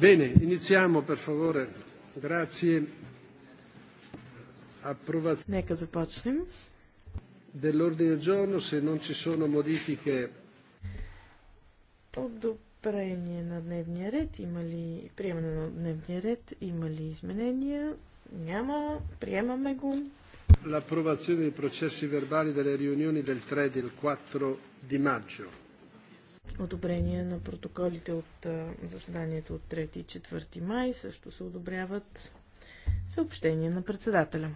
Bene, iniziamo per favore. Grazie. Approvazione. Нека започнем. Dell'ordine del giorno, se non ci sono modifiche. Одобрение на дневния ред. Има ли приемане на дневния ред? Има ли изменения? Няма. Приемаме го. L'approvazione dei processi verbali delle riunioni del 3 e del 4 di maggio одобрение на протоколите от заседанието от 3 и 4 май. Също се одобряват съобщения на председателя.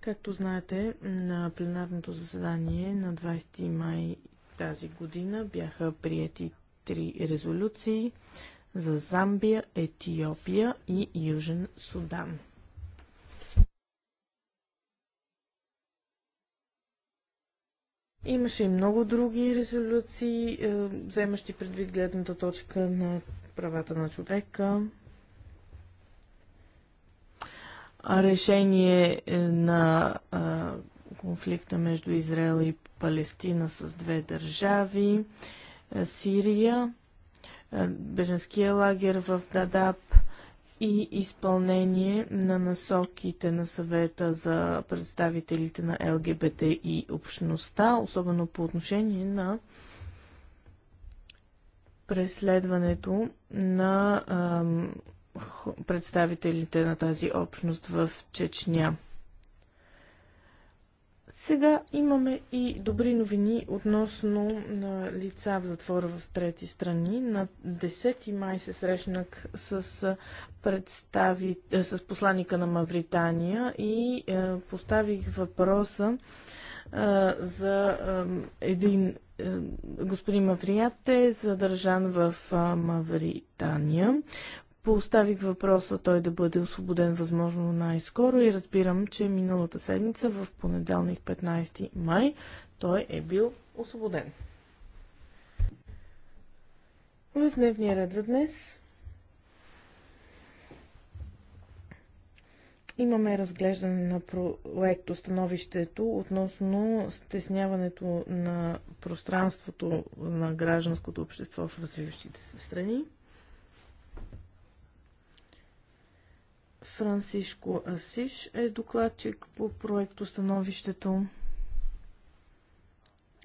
Както знаете, на пленарното заседание на 20 май тази година бяха приети три резолюции за Замбия, Етиопия и Южен Судан. Имаше и много други резолюции, е, вземащи предвид гледната точка на правата на човека. Решение е, на е, конфликта между Израел и Палестина с две държави, Сирия, беженския лагер в Дадаб и изпълнение на насоките на съвета за представителите на ЛГБТ и общността, особено по отношение на преследването на представителите на тази общност в Чечня. Сега имаме и добри новини относно на лица в затвора в трети страни. На 10 май се срещнах с, представи, с посланника на Мавритания и поставих въпроса за един господин Маврият е задържан в Мавритания Поставих въпроса той да бъде освободен възможно най-скоро и разбирам, че миналата седмица в понеделник 15 май той е бил освободен. В дневния ред за днес имаме разглеждане на проект становището относно стесняването на пространството на гражданското общество в развиващите се страни. Франсишко Асиш е докладчик по проекто становището.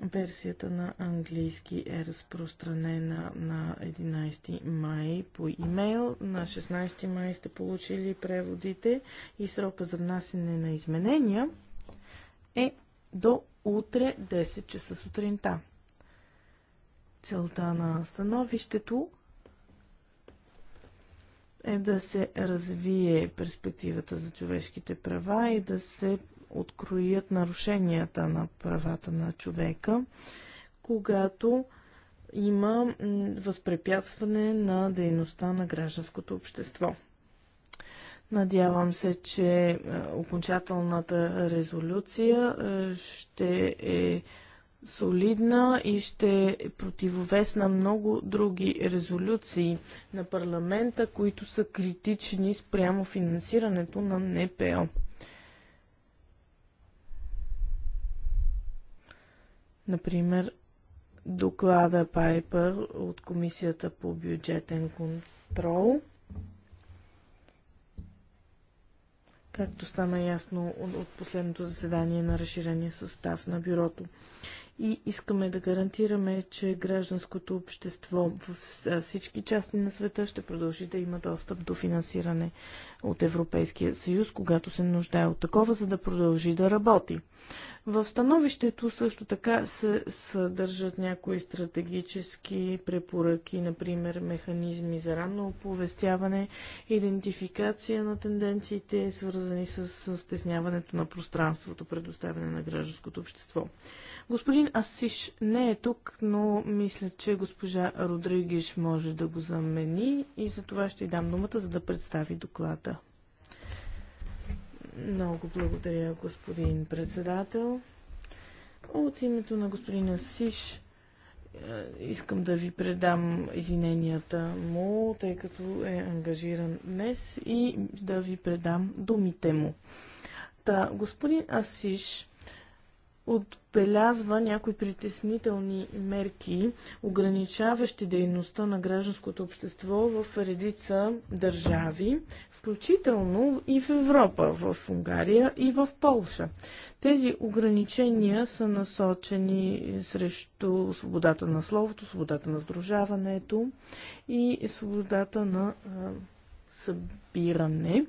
Версията на английски е разпространена на 11 май по имейл. На 16 май сте получили преводите и срока за внасене на изменения е до утре 10 часа сутринта. Целта на становището е да се развие перспективата за човешките права и да се откроят нарушенията на правата на човека, когато има възпрепятстване на дейността на гражданското общество. Надявам се, че е, окончателната резолюция е, ще е солидна и ще противовес на много други резолюции на парламента, които са критични спрямо финансирането на НПО. Например, доклада Пайпер от Комисията по бюджетен контрол. както стана ясно от последното заседание на разширения състав на бюрото и искаме да гарантираме, че гражданското общество в всички части на света ще продължи да има достъп до финансиране от Европейския съюз, когато се нуждае от такова, за да продължи да работи. В становището също така се съдържат някои стратегически препоръки, например механизми за ранно оповестяване, идентификация на тенденциите, свързани с стесняването на пространството, предоставяне на гражданското общество. Господин Асиш не е тук, но мисля, че госпожа Родригиш може да го замени и за това ще й дам думата, за да представи доклада. Много благодаря, господин председател. От името на господин Асиш е, искам да ви предам извиненията му, тъй като е ангажиран днес и да ви предам думите му. Та, господин Асиш отбелязва някои притеснителни мерки, ограничаващи дейността на гражданското общество в редица държави, включително и в Европа, в Унгария и в Полша. Тези ограничения са насочени срещу свободата на словото, свободата на сдружаването и свободата на събиране.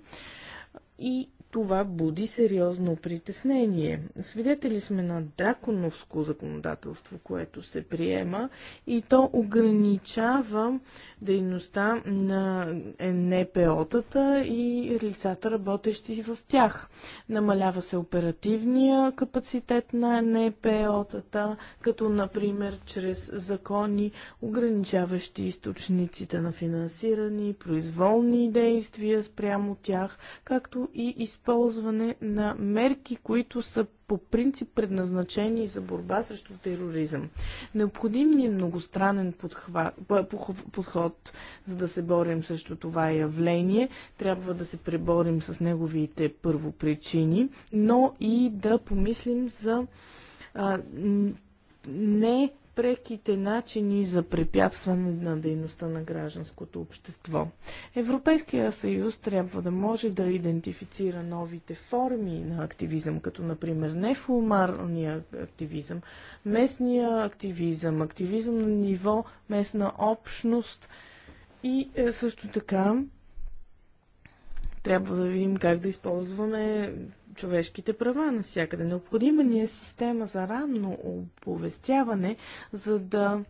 И това буди сериозно притеснение. Свидетели сме на драконовско законодателство, което се приема и то ограничава дейността на НПО-тата и лицата работещи в тях. Намалява се оперативния капацитет на НПО-тата, като например чрез закони, ограничаващи източниците на финансиране, произволни действия спрямо тях, както и използване на мерки, които са по принцип предназначени за борба срещу тероризъм. Необходим ни е многостранен подхва... подход, за да се борим срещу това явление. Трябва да се преборим с неговите първопричини, но и да помислим за а, не преките начини за препятстване на дейността на гражданското общество. Европейския съюз трябва да може да идентифицира новите форми на активизъм, като например неформалния активизъм, местния активизъм, активизъм на ниво местна общност и е, също така трябва да видим как да използваме човешките права навсякъде. Необходима ни е система за ранно оповестяване, за да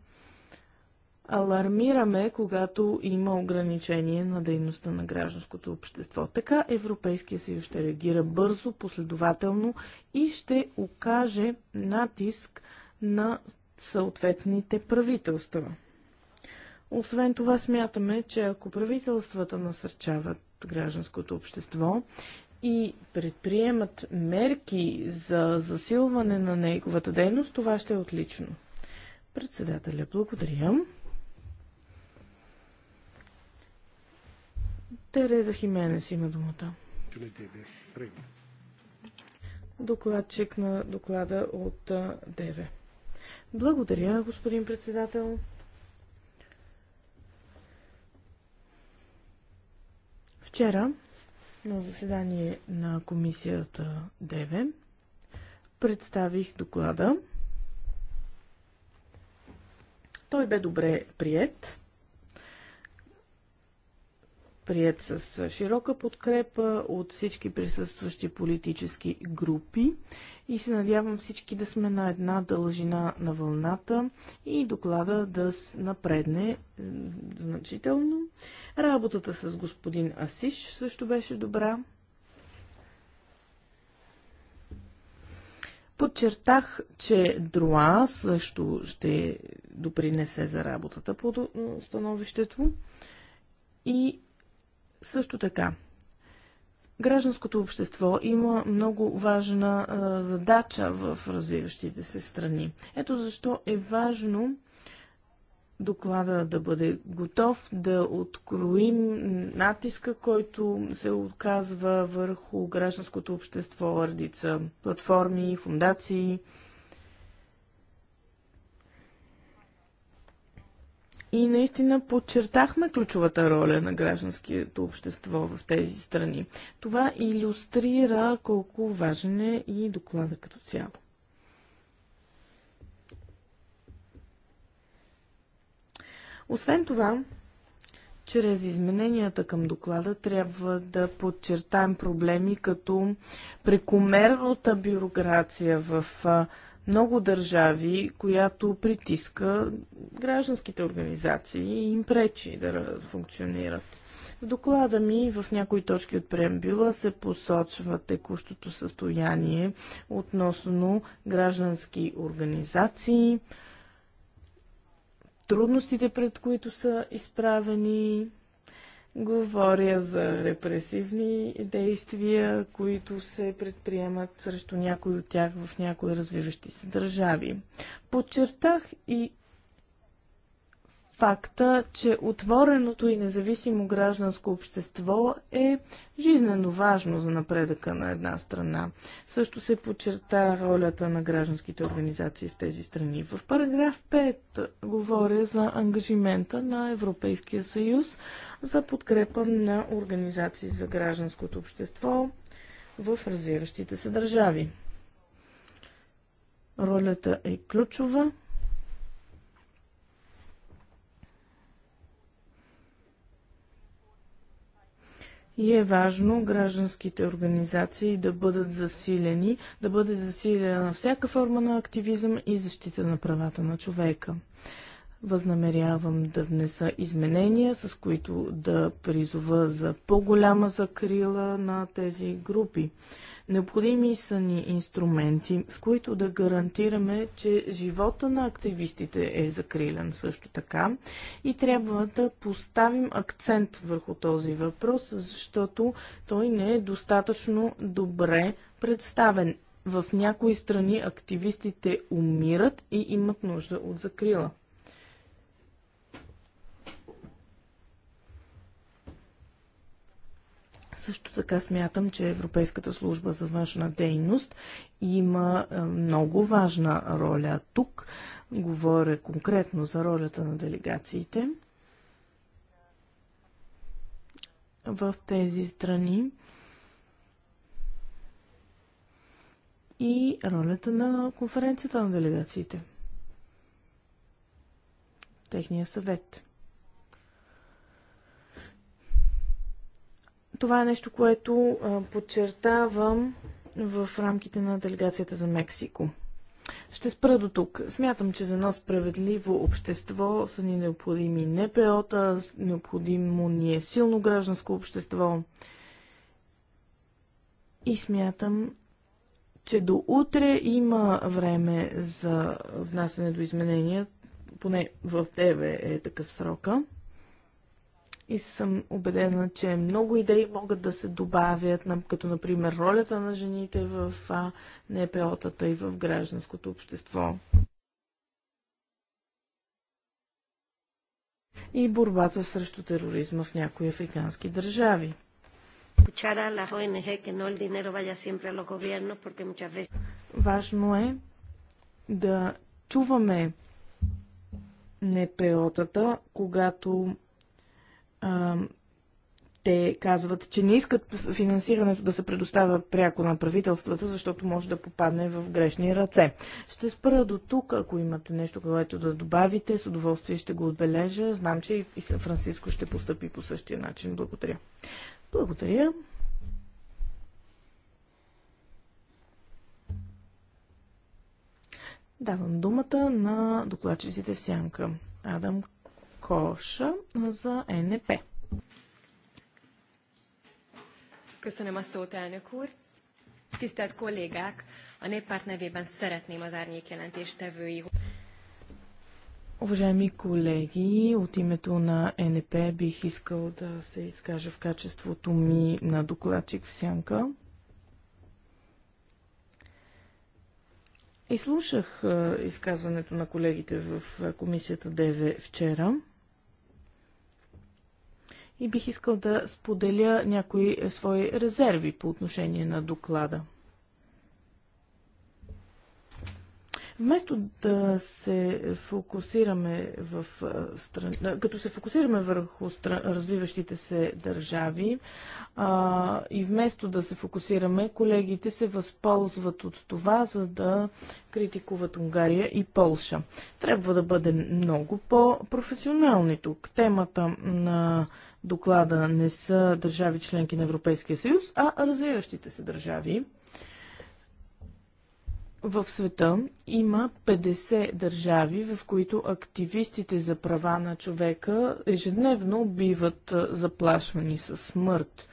алармираме, когато има ограничение на дейността на гражданското общество. Така Европейския съюз ще реагира бързо, последователно и ще окаже натиск на съответните правителства. Освен това смятаме, че ако правителствата насърчават гражданското общество, и предприемат мерки за засилване на неговата дейност, това ще е отлично. Председателя, благодаря. Тереза Хименес има думата. Докладчик на доклада от ДВ. Благодаря, господин председател. Вчера на заседание на комисията ДЕВЕ представих доклада. Той бе добре прият прият с широка подкрепа от всички присъстващи политически групи и се надявам всички да сме на една дължина на вълната и доклада да напредне значително. Работата с господин Асиш също беше добра. Подчертах, че Друа също ще допринесе за работата по становището и също така, гражданското общество има много важна а, задача в развиващите се страни. Ето защо е важно доклада да бъде готов, да откроим натиска, който се оказва върху гражданското общество, редица платформи, фундации, и наистина подчертахме ключовата роля на гражданското общество в тези страни. Това иллюстрира колко важен е и доклада като цяло. Освен това, чрез измененията към доклада трябва да подчертаем проблеми като прекомерната бюрокрация в много държави, която притиска гражданските организации и им пречи да функционират. В доклада ми в някои точки от преамбюла се посочва текущото състояние относно граждански организации, трудностите пред които са изправени, Говоря за репресивни действия, които се предприемат срещу някои от тях в някои развиващи се държави. Подчертах и факта, че отвореното и независимо гражданско общество е жизнено важно за напредъка на една страна. Също се подчерта ролята на гражданските организации в тези страни. В параграф 5 говоря за ангажимента на Европейския съюз за подкрепа на организации за гражданското общество в развиващите се държави. Ролята е ключова и е важно гражданските организации да бъдат засилени, да бъде засилена всяка форма на активизъм и защита на правата на човека. Възнамерявам да внеса изменения, с които да призова за по-голяма закрила на тези групи. Необходими са ни инструменти, с които да гарантираме, че живота на активистите е закрилен също така и трябва да поставим акцент върху този въпрос, защото той не е достатъчно добре представен. В някои страни активистите умират и имат нужда от закрила. Също така смятам, че Европейската служба за външна дейност има е, много важна роля тук. Говоря конкретно за ролята на делегациите в тези страни и ролята на конференцията на делегациите. Техния съвет – Това е нещо, което подчертавам в рамките на делегацията за Мексико. Ще спра до тук. Смятам, че за едно справедливо общество са ни необходими НПО-та, необходимо ни е силно гражданско общество. И смятам, че до утре има време за внасяне до изменения, поне в ТВ е такъв срока и съм убедена, че много идеи могат да се добавят, като например ролята на жените в НПО-тата и в гражданското общество. И борбата срещу тероризма в някои африкански държави. Важно е да чуваме НПО-тата, когато те казват, че не искат финансирането да се предоставя пряко на правителствата, защото може да попадне в грешни ръце. Ще спра до тук, ако имате нещо, което да добавите, с удоволствие ще го отбележа. Знам, че и Сан Франциско ще поступи по същия начин. Благодаря. Благодаря. Давам думата на докладчиците в сянка. Адам Коша за НП. Köszönöm a szót, elnök úr! Tisztelt kollégák! A néppárt nevében szeretném az árnyék jelentéstevői... Уважаеми колеги, от името на НП бих искал да се изкажа в качеството ми на докладчик в Сянка. Изслушах е, изказването на колегите в е, комисията ДВ вчера – и бих искал да споделя някои е, свои резерви по отношение на доклада. Вместо да се фокусираме в е, стран... като се фокусираме върху стран... развиващите се държави а, и вместо да се фокусираме, колегите се възползват от това, за да критикуват Унгария и Полша. Трябва да бъдем много по-професионални тук. Темата на доклада не са държави членки на Европейския съюз, а развиващите се държави. В света има 50 държави, в които активистите за права на човека ежедневно биват заплашвани със смърт.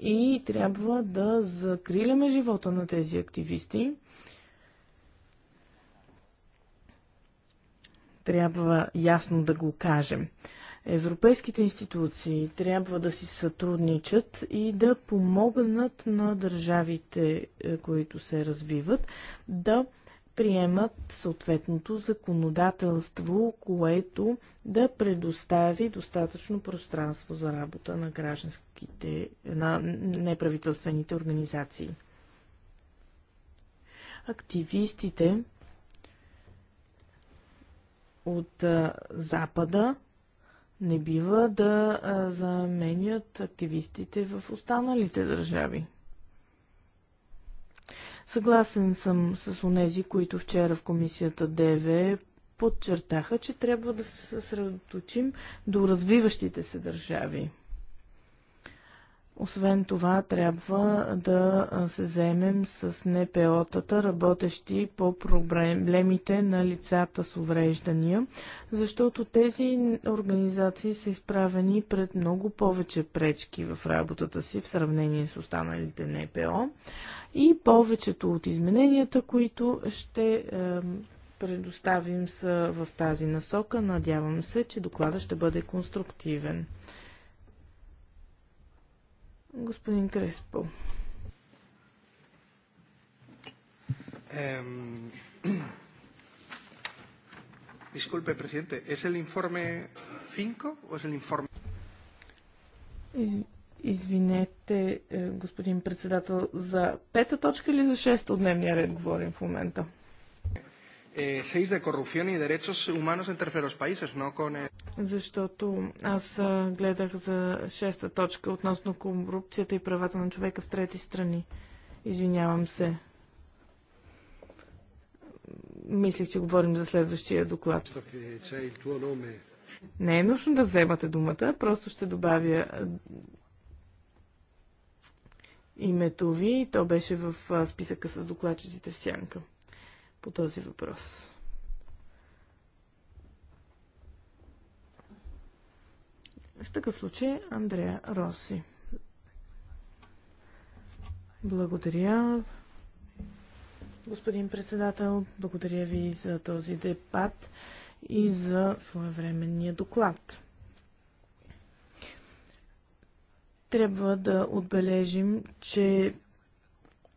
И трябва да закриляме живота на тези активисти. Трябва ясно да го кажем. Европейските институции трябва да си сътрудничат и да помогнат на държавите, е, които се развиват, да приемат съответното законодателство, което да предостави достатъчно пространство за работа на гражданските, на неправителствените организации. Активистите от е, Запада не бива да заменят активистите в останалите държави. Съгласен съм с онези, които вчера в комисията ДВ подчертаха, че трябва да се съсредоточим до развиващите се държави. Освен това, трябва да се заемем с НПО-тата, работещи по проблемите на лицата с увреждания, защото тези организации са изправени пред много повече пречки в работата си в сравнение с останалите НПО и повечето от измененията, които ще предоставим са в тази насока. Надявам се, че доклада ще бъде конструктивен. Господин Креспо. Um, disculpe, presidente, ¿es el informe 5 o es el informe? Из, извинете, е, господин председател, за пета точка или за шеста от дневния ред говорим в момента? 6 eh, de corrupción y derechos humanos en terceros países, no con el... Защото аз гледах за шеста точка относно корупцията и правата на човека в трети страни. Извинявам се. Мислих, че говорим за следващия доклад. Не е нужно да вземате думата, просто ще добавя името ви. То беше в списъка с докладчиците в сянка по този въпрос. В такъв случай Андрея Роси. Благодаря. Господин председател, благодаря ви за този дебат и за своевременния доклад. Трябва да отбележим, че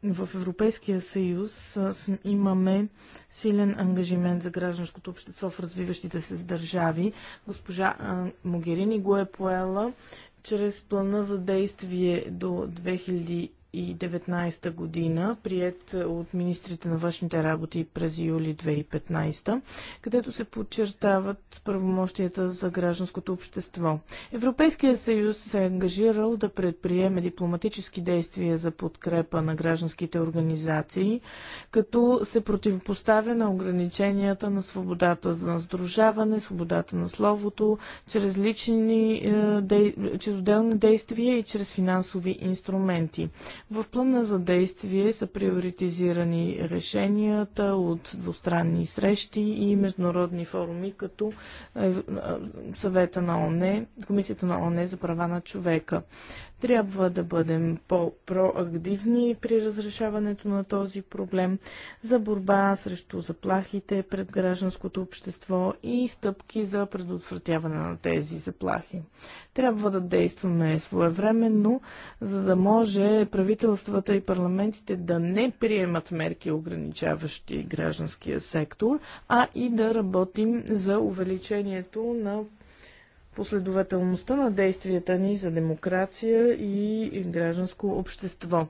в Европейския съюз имаме силен ангажимент за гражданското общество в развиващите се държави. Госпожа Могерини го е поела чрез плана за действие до 2000 2019 година, прият от министрите на външните работи през юли 2015, където се подчертават правомощията за гражданското общество. Европейският съюз се е ангажирал да предприеме дипломатически действия за подкрепа на гражданските организации, като се противопоставя на ограниченията на свободата за сдружаване, свободата на словото, чрез лични, е, чрез отделни действия и чрез финансови инструменти. В плана за действие са приоритизирани решенията от двустранни срещи и международни форуми, като е, съвета на ОНЕ, Комисията на ОНЕ за права на човека. Трябва да бъдем по-проактивни при разрешаването на този проблем за борба срещу заплахите пред гражданското общество и стъпки за предотвратяване на тези заплахи. Трябва да действаме своевременно, за да може правителствата и парламентите да не приемат мерки, ограничаващи гражданския сектор, а и да работим за увеличението на последователността на действията ни за демокрация и гражданско общество.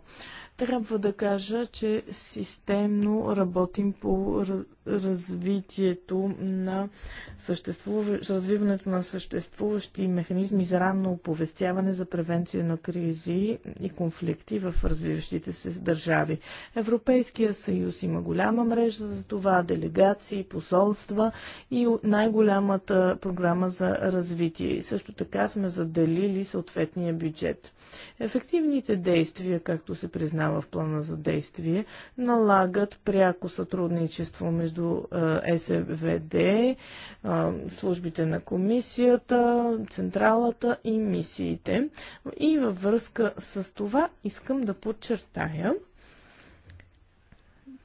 Трябва да кажа, че системно работим по развитието на съществуващ, развиването на съществуващи механизми за ранно оповестяване за превенция на кризи и конфликти в развиващите се държави. Европейския съюз има голяма мрежа за това, делегации, посолства и най-голямата програма за развитие. И също така сме заделили съответния бюджет. Ефективните действия, както се признава, в плана за действие, налагат пряко сътрудничество между е, СВД, е, службите на комисията, централата и мисиите. И във връзка с това искам да подчертая,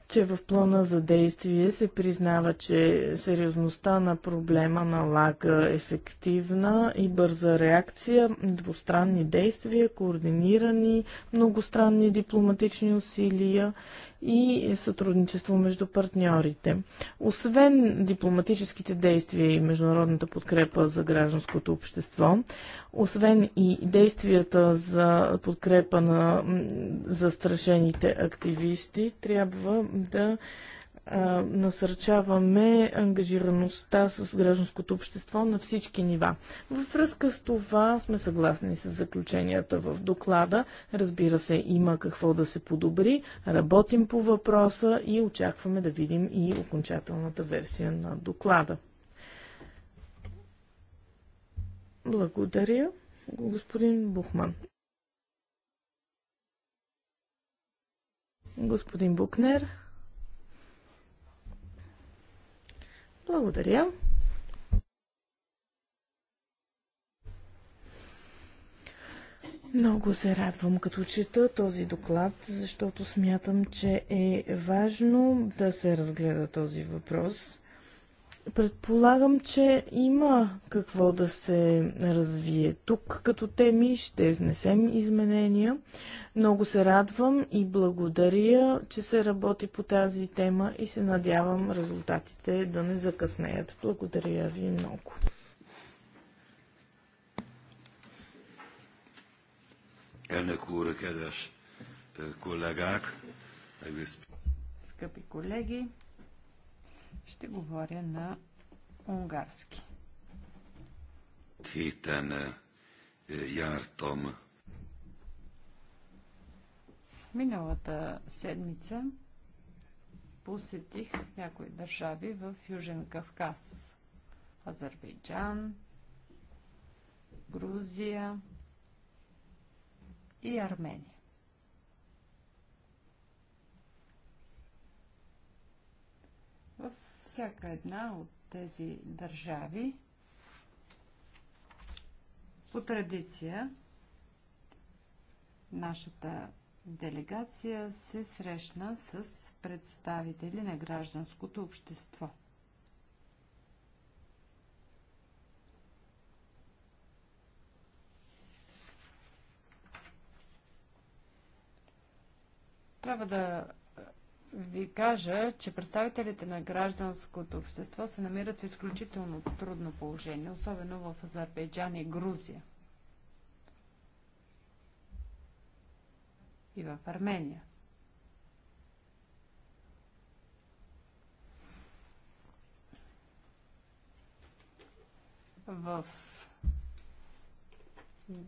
че в плана за действие се признава, че сериозността на проблема налага ефективна и бърза реакция, двустранни действия, координирани многостранни дипломатични усилия и сътрудничество между партньорите. Освен дипломатическите действия и международната подкрепа за гражданското общество, освен и действията за подкрепа на застрашените активисти, трябва да насърчаваме ангажираността с гражданското общество на всички нива. Във връзка с това сме съгласни с заключенията в доклада. Разбира се, има какво да се подобри. Работим по въпроса и очакваме да видим и окончателната версия на доклада. Благодаря, господин Бухман. Господин Букнер. Благодаря. Много се радвам като чета този доклад, защото смятам, че е важно да се разгледа този въпрос. Предполагам, че има какво да се развие тук като теми. Ще внесем изменения. Много се радвам и благодаря, че се работи по тази тема и се надявам резултатите да не закъснеят. Благодаря ви много. Eh, Скъпи колеги, ще говоря на унгарски. Титана. Е, яртом. Миналата седмица посетих някои държави в Южен Кавказ. Азербайджан, Грузия и Армения. всяка една от тези държави по традиция нашата делегация се срещна с представители на гражданското общество. Трябва да ви кажа, че представителите на гражданското общество се намират в изключително трудно положение, особено в Азербайджан и Грузия. И в Армения. В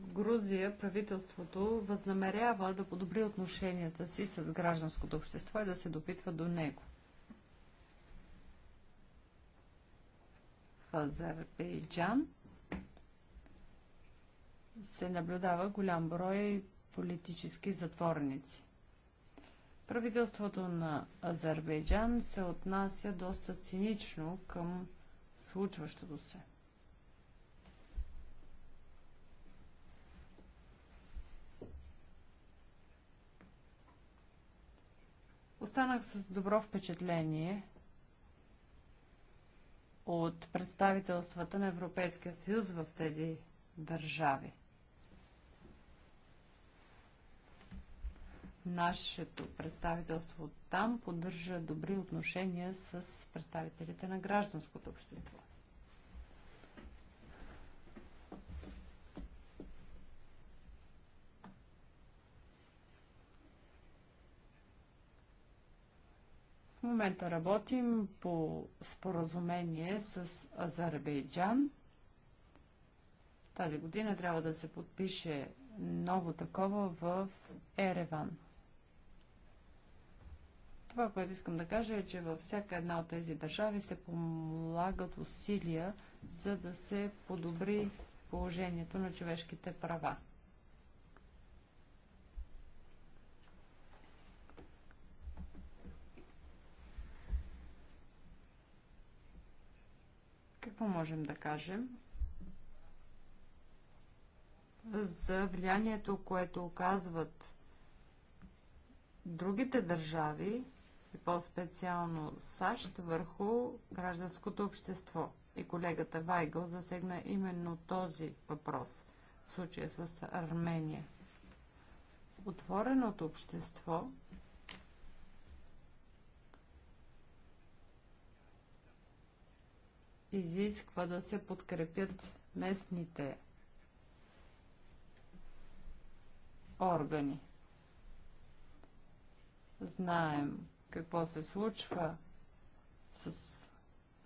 Грузия правителството възнамерява да подобри отношенията си с гражданското общество и да се допитва до него. В Азербайджан се наблюдава голям брой политически затворници. Правителството на Азербайджан се отнася доста цинично към случващото се. Останах с добро впечатление от представителствата на Европейския съюз в тези държави. Нашето представителство там поддържа добри отношения с представителите на гражданското общество. момента работим по споразумение с Азербайджан. Тази година трябва да се подпише ново такова в Ереван. Това, което искам да кажа е, че във всяка една от тези държави се помлагат усилия, за да се подобри положението на човешките права. какво можем да кажем за влиянието, което оказват другите държави и по-специално САЩ върху гражданското общество. И колегата Вайгъл засегна именно този въпрос в случая с Армения. Отвореното общество изисква да се подкрепят местните органи. Знаем какво се случва с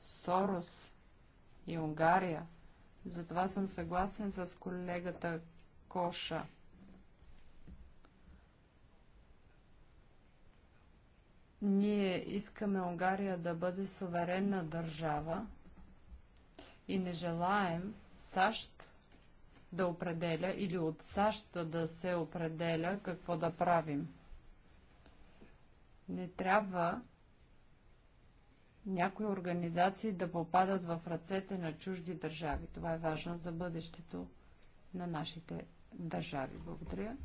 Сорос и Унгария. Затова съм съгласен с колегата Коша. Ние искаме Унгария да бъде суверенна държава, и не желаем САЩ да определя или от САЩ да се определя какво да правим. Не трябва някои организации да попадат в ръцете на чужди държави. Това е важно за бъдещето на нашите държави. Благодаря.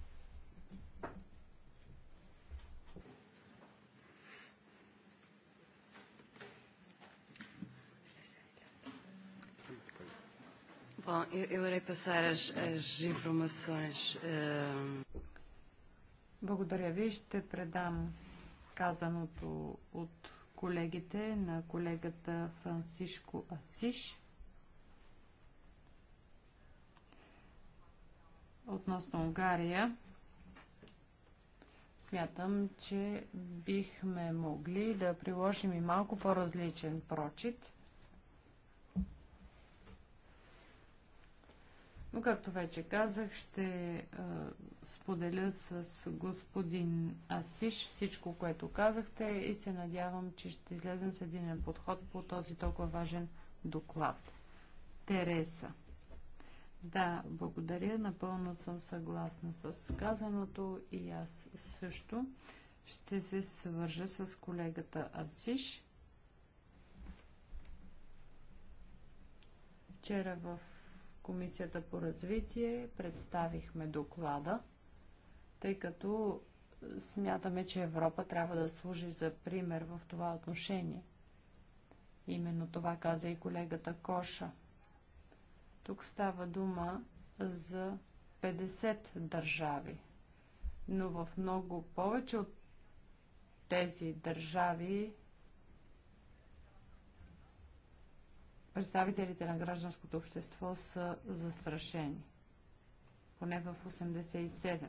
Bom, eu, eu irei passar as, as informações. Eh, Благодаря ви. Ще предам казаното от колегите на колегата Франсишко Асиш относно Унгария. Смятам, че бихме могли да приложим и малко по-различен прочит – Но както вече казах, ще а, споделя с господин Асиш всичко, което казахте и се надявам, че ще излезем с един подход по този толкова важен доклад. Тереса. Да, благодаря. Напълно съм съгласна с казаното и аз също ще се свържа с колегата Асиш. Вчера в Комисията по развитие представихме доклада, тъй като смятаме, че Европа трябва да служи за пример в това отношение. Именно това каза и колегата Коша. Тук става дума за 50 държави, но в много повече от тези държави представителите на гражданското общество са застрашени. Поне в 87.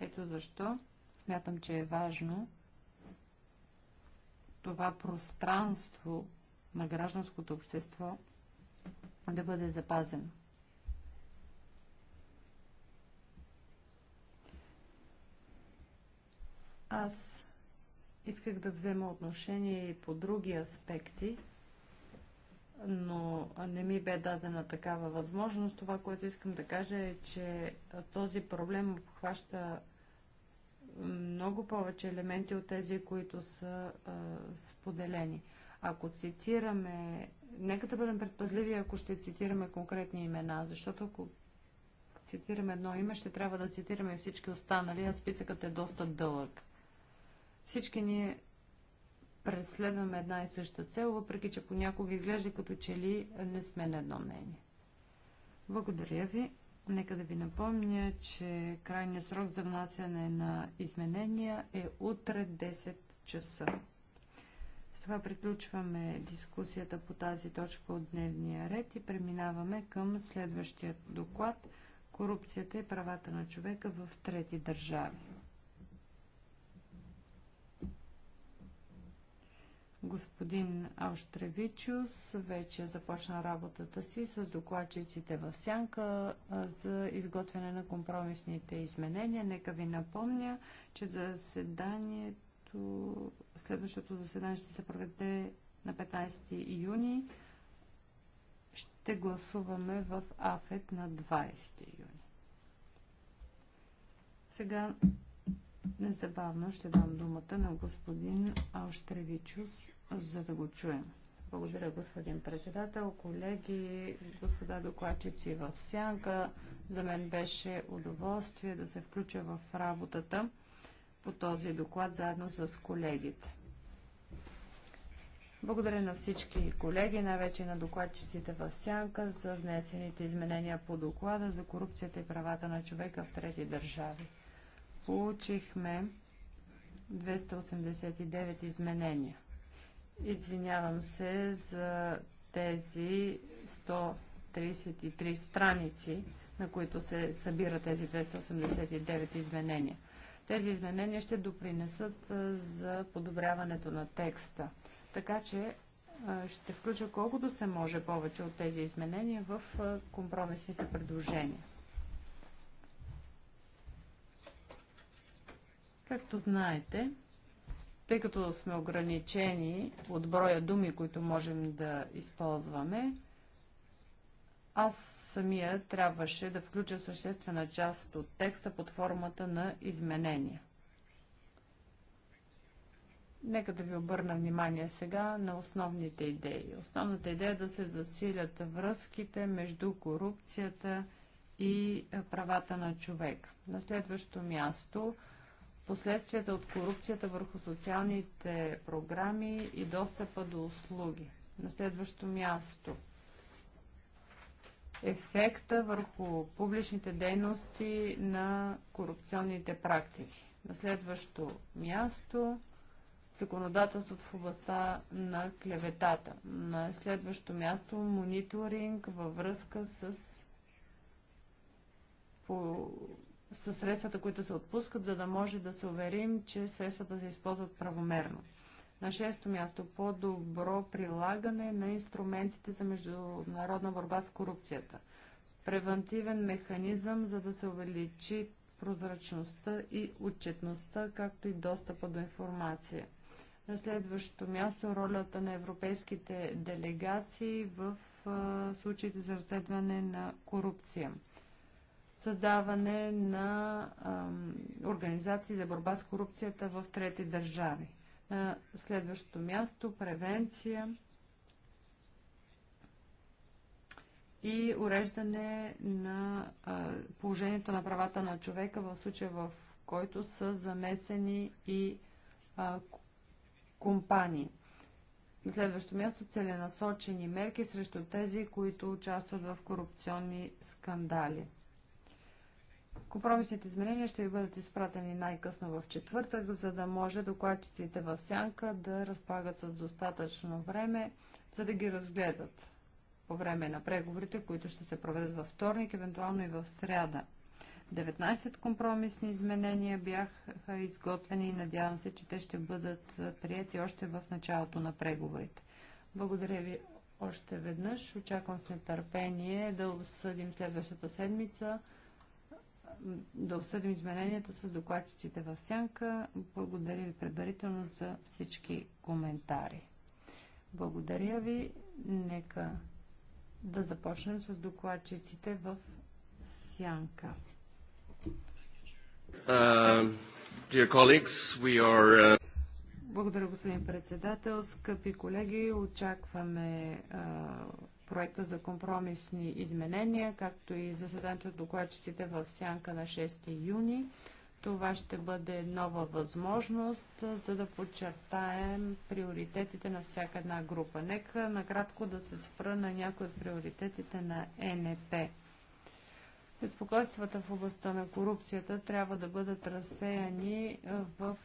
Ето защо смятам, че е важно това пространство на гражданското общество да бъде запазено. Аз Исках да взема отношение и по други аспекти, но не ми бе дадена такава възможност. Това, което искам да кажа е, че този проблем обхваща много повече елементи от тези, които са а, споделени. Ако цитираме, нека да бъдем предпазливи, ако ще цитираме конкретни имена, защото ако цитираме едно име, ще трябва да цитираме всички останали, а списъкът е доста дълъг. Всички ние преследваме една и съща цел, въпреки че понякога изглежда като че ли не сме на едно мнение. Благодаря ви. Нека да ви напомня, че крайният срок за внасяне на изменения е утре 10 часа. С това приключваме дискусията по тази точка от дневния ред и преминаваме към следващия доклад – корупцията и правата на човека в трети държави. Господин Авштревичус вече започна работата си с докладчиците в сянка за изготвяне на компромисните изменения. Нека ви напомня, че заседанието, следващото заседание ще се проведе на 15 юни. Ще гласуваме в АФЕТ на 20 юни. Сега Незабавно ще дам думата на господин Алштревичус, за да го чуем. Благодаря, господин председател, колеги, господа докладчици в сянка. За мен беше удоволствие да се включа в работата по този доклад заедно с колегите. Благодаря на всички колеги, най-вече на докладчиците в Сянка за внесените изменения по доклада за корупцията и правата на човека в трети държави. Получихме 289 изменения. Извинявам се за тези 133 страници, на които се събира тези 289 изменения. Тези изменения ще допринесат за подобряването на текста. Така че ще включа колкото се може повече от тези изменения в компромисните предложения. Както знаете, тъй като сме ограничени от броя думи, които можем да използваме, аз самия трябваше да включа съществена част от текста под формата на изменения. Нека да ви обърна внимание сега на основните идеи. Основната идея е да се засилят връзките между корупцията и правата на човек. На следващо място последствията от корупцията върху социалните програми и достъпа до услуги. На следващо място ефекта върху публичните дейности на корупционните практики. На следващо място законодателството в областта на клеветата. На следващо място мониторинг във връзка с по със средствата, които се отпускат, за да може да се уверим, че средствата се използват правомерно. На шесто място по-добро прилагане на инструментите за международна борба с корупцията. Превентивен механизъм, за да се увеличи прозрачността и отчетността, както и достъпа до информация. На следващото място ролята на европейските делегации в а, случаите за разследване на корупция създаване на ам, организации за борба с корупцията в трети държави. На следващото място превенция и уреждане на а, положението на правата на човека в случая, в който са замесени и а, компании. На следващо място целенасочени мерки срещу тези, които участват в корупционни скандали. Компромисните изменения ще ви бъдат изпратени най-късно в четвъртък, за да може докладчиците в сянка да разполагат с достатъчно време, за да ги разгледат по време на преговорите, които ще се проведат във вторник, евентуално и в среда. 19 компромисни изменения бяха изготвени и надявам се, че те ще бъдат прияти още в началото на преговорите. Благодаря ви още веднъж. Очаквам с нетърпение да обсъдим следващата седмица да обсъдим измененията с докладчиците в сянка. Благодаря ви предварително за всички коментари. Благодаря ви. Нека да започнем с докладчиците в сянка. Uh, are... Uh, Благодаря, господин председател. Скъпи колеги, очакваме uh, проекта за компромисни изменения, както и заседанието от докладчиците в Сянка на 6 юни. Това ще бъде нова възможност, за да подчертаем приоритетите на всяка една група. Нека накратко да се спра на някои от приоритетите на НП. Безпокойствата в областта на корупцията трябва да бъдат разсеяни в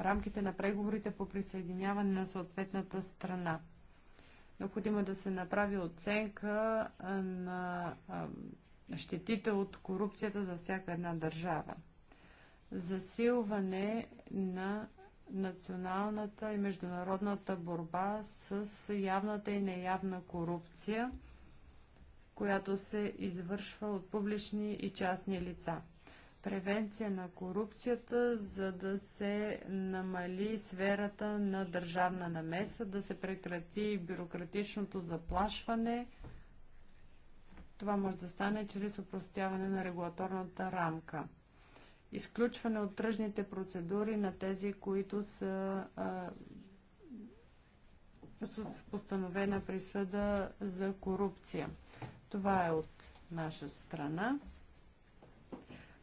рамките на преговорите по присъединяване на съответната страна. Необходимо е да се направи оценка на щетите от корупцията за всяка една държава. Засилване на националната и международната борба с явната и неявна корупция, която се извършва от публични и частни лица превенция на корупцията, за да се намали сферата на държавна намеса, да се прекрати бюрократичното заплашване. Това може да стане чрез упростяване на регулаторната рамка. Изключване от тръжните процедури на тези, които са а, с постановена присъда за корупция. Това е от наша страна.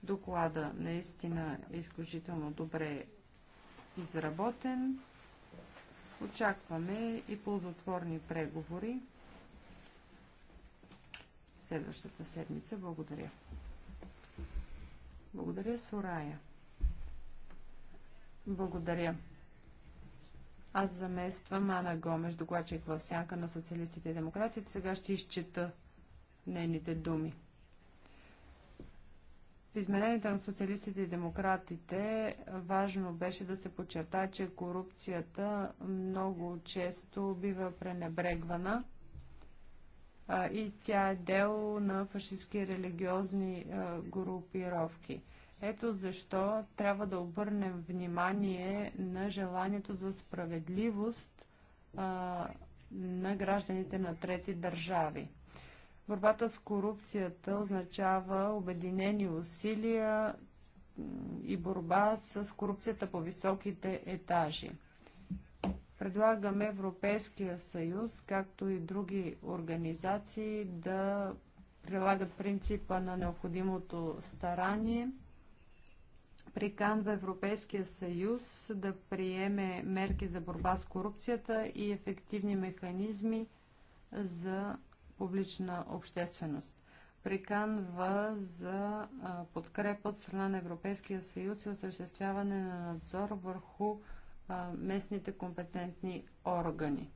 Доклада наистина е изключително добре изработен. Очакваме и плодотворни преговори следващата седмица. Благодаря. Благодаря, Сорая. Благодаря. Аз замествам Ана Гомеш, докладчик в сянка на социалистите и демократите. Сега ще изчета нейните думи изменението на социалистите и демократите важно беше да се подчерта, че корупцията много често бива пренебрегвана а, и тя е дело на фашистски религиозни а, групировки. Ето защо трябва да обърнем внимание на желанието за справедливост а, на гражданите на трети държави. Борбата с корупцията означава обединени усилия и борба с корупцията по високите етажи. Предлагаме Европейския съюз, както и други организации, да прилагат принципа на необходимото старание. Приканва Европейския съюз да приеме мерки за борба с корупцията и ефективни механизми за публична общественост. Приканва за подкрепа от страна на Европейския съюз и осъществяване на надзор върху местните компетентни органи.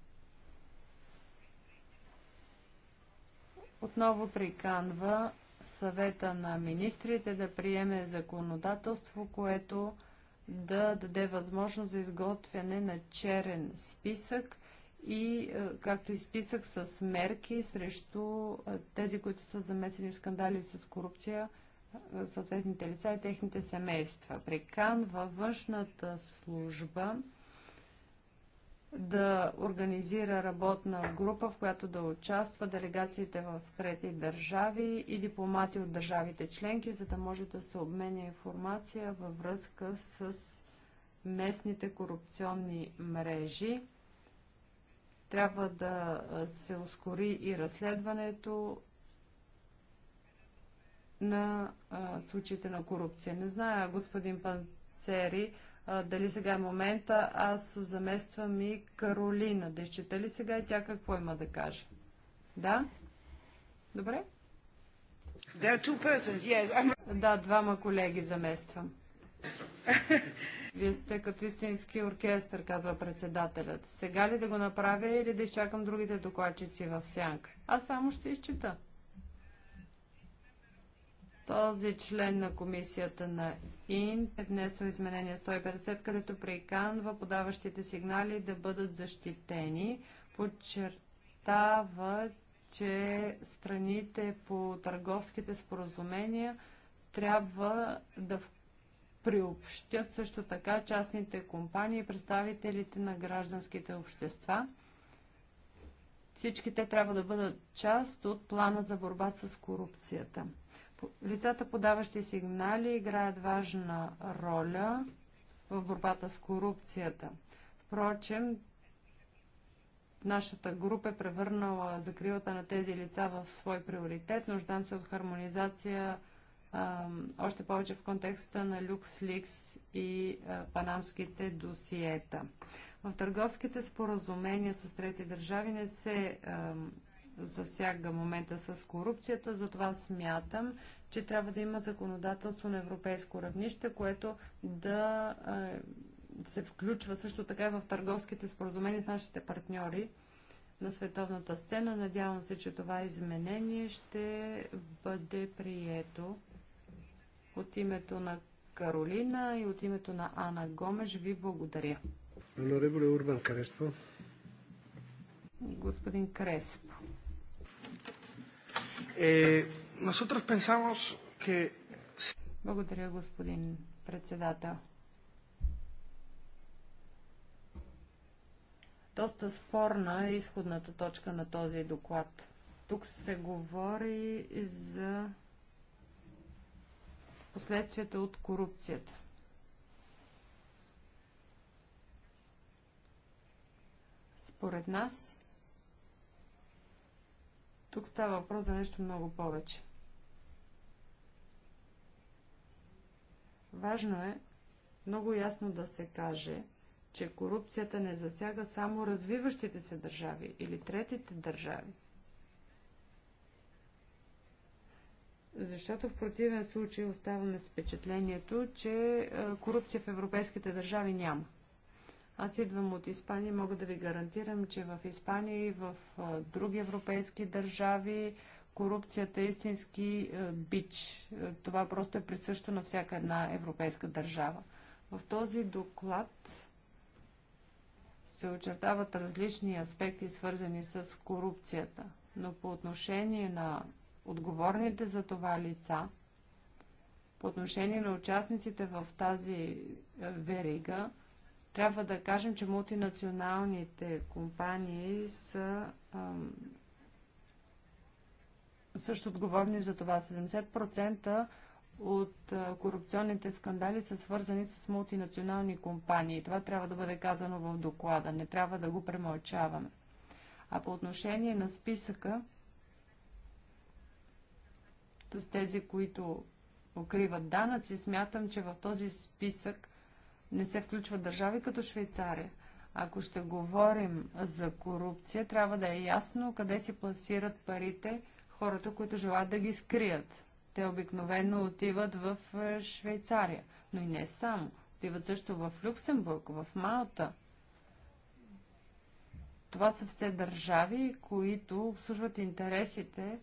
Отново приканва съвета на министрите да приеме законодателство, което да даде възможност за изготвяне на черен списък и е, както изписах с мерки срещу е, тези, които са замесени в скандали с корупция, е, съответните лица и техните семейства. Приканва във външната служба да организира работна група, в която да участва делегациите в трети държави и дипломати от държавите членки, за да може да се обменя информация във връзка с местните корупционни мрежи трябва да се ускори и разследването на а, случаите на корупция. Не зная, господин Панцери, а, дали сега е момента. Аз замествам и Каролина. Да изчета ли сега и тя какво има да каже? Да? Добре? Yes, да, двама колеги замествам. Вие сте като истински оркестър, казва председателят. Сега ли да го направя или да изчакам другите докладчици в сянка? Аз само ще изчита. Този член на комисията на ИН е внесъл изменение 150, където приканва подаващите сигнали да бъдат защитени. Подчертава, че страните по търговските споразумения трябва да включат приобщят също така частните компании представителите на гражданските общества. Всички те трябва да бъдат част от плана за борба с корупцията. Лицата, подаващи сигнали, играят важна роля в борбата с корупцията. Впрочем, нашата група е превърнала закрилата на тези лица в свой приоритет. Нуждам се от хармонизация още повече в контекста на LuxLeaks и а, панамските досиета. В търговските споразумения с трети държави не се а, засяга момента с корупцията, затова смятам, че трябва да има законодателство на европейско равнище, което да се включва също така и в търговските споразумения с нашите партньори на световната сцена. Надявам се, че това изменение ще бъде прието от името на Каролина и от името на Ана Гомеш ви благодаря. Honorable Урбан Креспо. Господин Креспо. Е, nosotros pensamos que... Благодаря, господин председател. Доста спорна е изходната точка на този доклад. Тук се говори за последствията от корупцията. Според нас, тук става въпрос за нещо много повече. Важно е много ясно да се каже, че корупцията не засяга само развиващите се държави или третите държави. Защото в противен случай оставаме с впечатлението, че корупция в европейските държави няма. Аз идвам от Испания, и мога да ви гарантирам, че в Испания и в други европейски държави корупцията е истински бич. Това просто е присъщо на всяка една европейска държава. В този доклад се очертават различни аспекти, свързани с корупцията. Но по отношение на отговорните за това лица по отношение на участниците в тази е, верига, трябва да кажем, че мултинационалните компании са ам, също отговорни за това. 70% от е, корупционните скандали са свързани с мултинационални компании. Това трябва да бъде казано в доклада. Не трябва да го премълчаваме. А по отношение на списъка, с тези, които укриват данъци, смятам, че в този списък не се включват държави като Швейцария. Ако ще говорим за корупция, трябва да е ясно къде си пласират парите хората, които желаят да ги скрият. Те обикновено отиват в е, Швейцария, но и не само. Отиват също в Люксембург, в Малта. Това са все държави, които обслужват интересите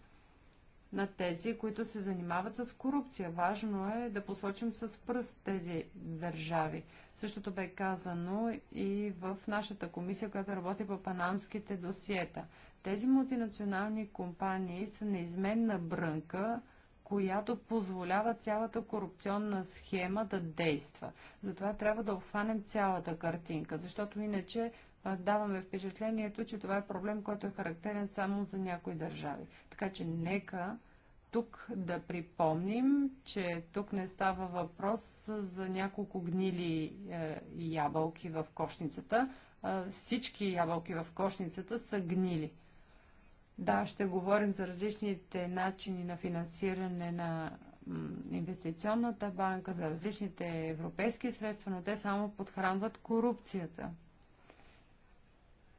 на тези, които се занимават с корупция. Важно е да посочим с пръст тези държави. Същото бе казано и в нашата комисия, която работи по панамските досиета. Тези мултинационални компании са неизменна брънка, която позволява цялата корупционна схема да действа. Затова трябва да обхванем цялата картинка, защото иначе даваме впечатлението, че това е проблем, който е характерен само за някои държави. Така че нека тук да припомним, че тук не става въпрос за няколко гнили е, ябълки в кошницата. всички ябълки в кошницата са гнили. Да, ще говорим за различните начини на финансиране на инвестиционната банка, за различните европейски средства, но те само подхранват корупцията.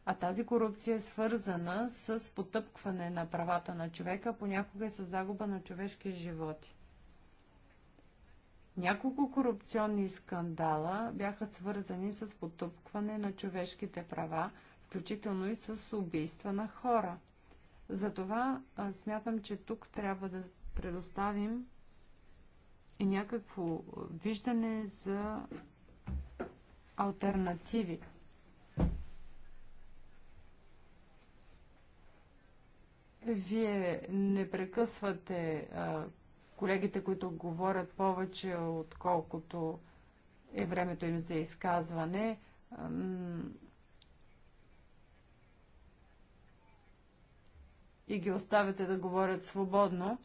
А тази корупция е свързана с потъпкване на правата на човека, понякога и с загуба на човешки животи. Няколко корупционни скандала бяха свързани с потъпкване на човешките права, включително и с убийства на хора. Затова смятам, че тук трябва да предоставим и някакво виждане за альтернативи. вие не прекъсвате а, колегите, които говорят повече, отколкото е времето им за изказване. и ги оставяте да говорят свободно.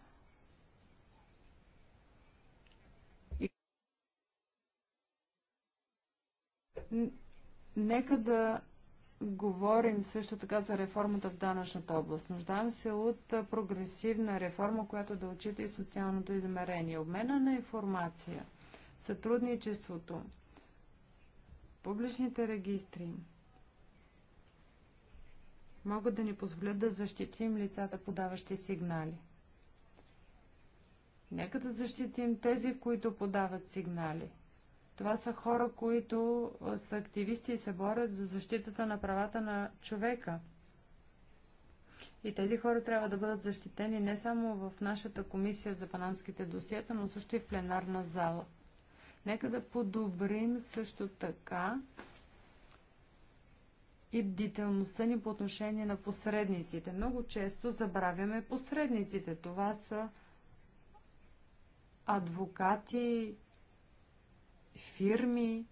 И... Нека да Говорим също така за реформата в данъчната област. Нуждаем се от прогресивна реформа, която да отчита и социалното измерение. Обмена на информация, сътрудничеството, публичните регистри могат да ни позволят да защитим лицата, подаващи сигнали. Нека да защитим тези, които подават сигнали – това са хора, които са активисти и се борят за защитата на правата на човека. И тези хора трябва да бъдат защитени не само в нашата комисия за панамските досиета, но също и в пленарна зала. Нека да подобрим също така и бдителността ни по отношение на посредниците. Много често забравяме посредниците. Това са адвокати, фирми,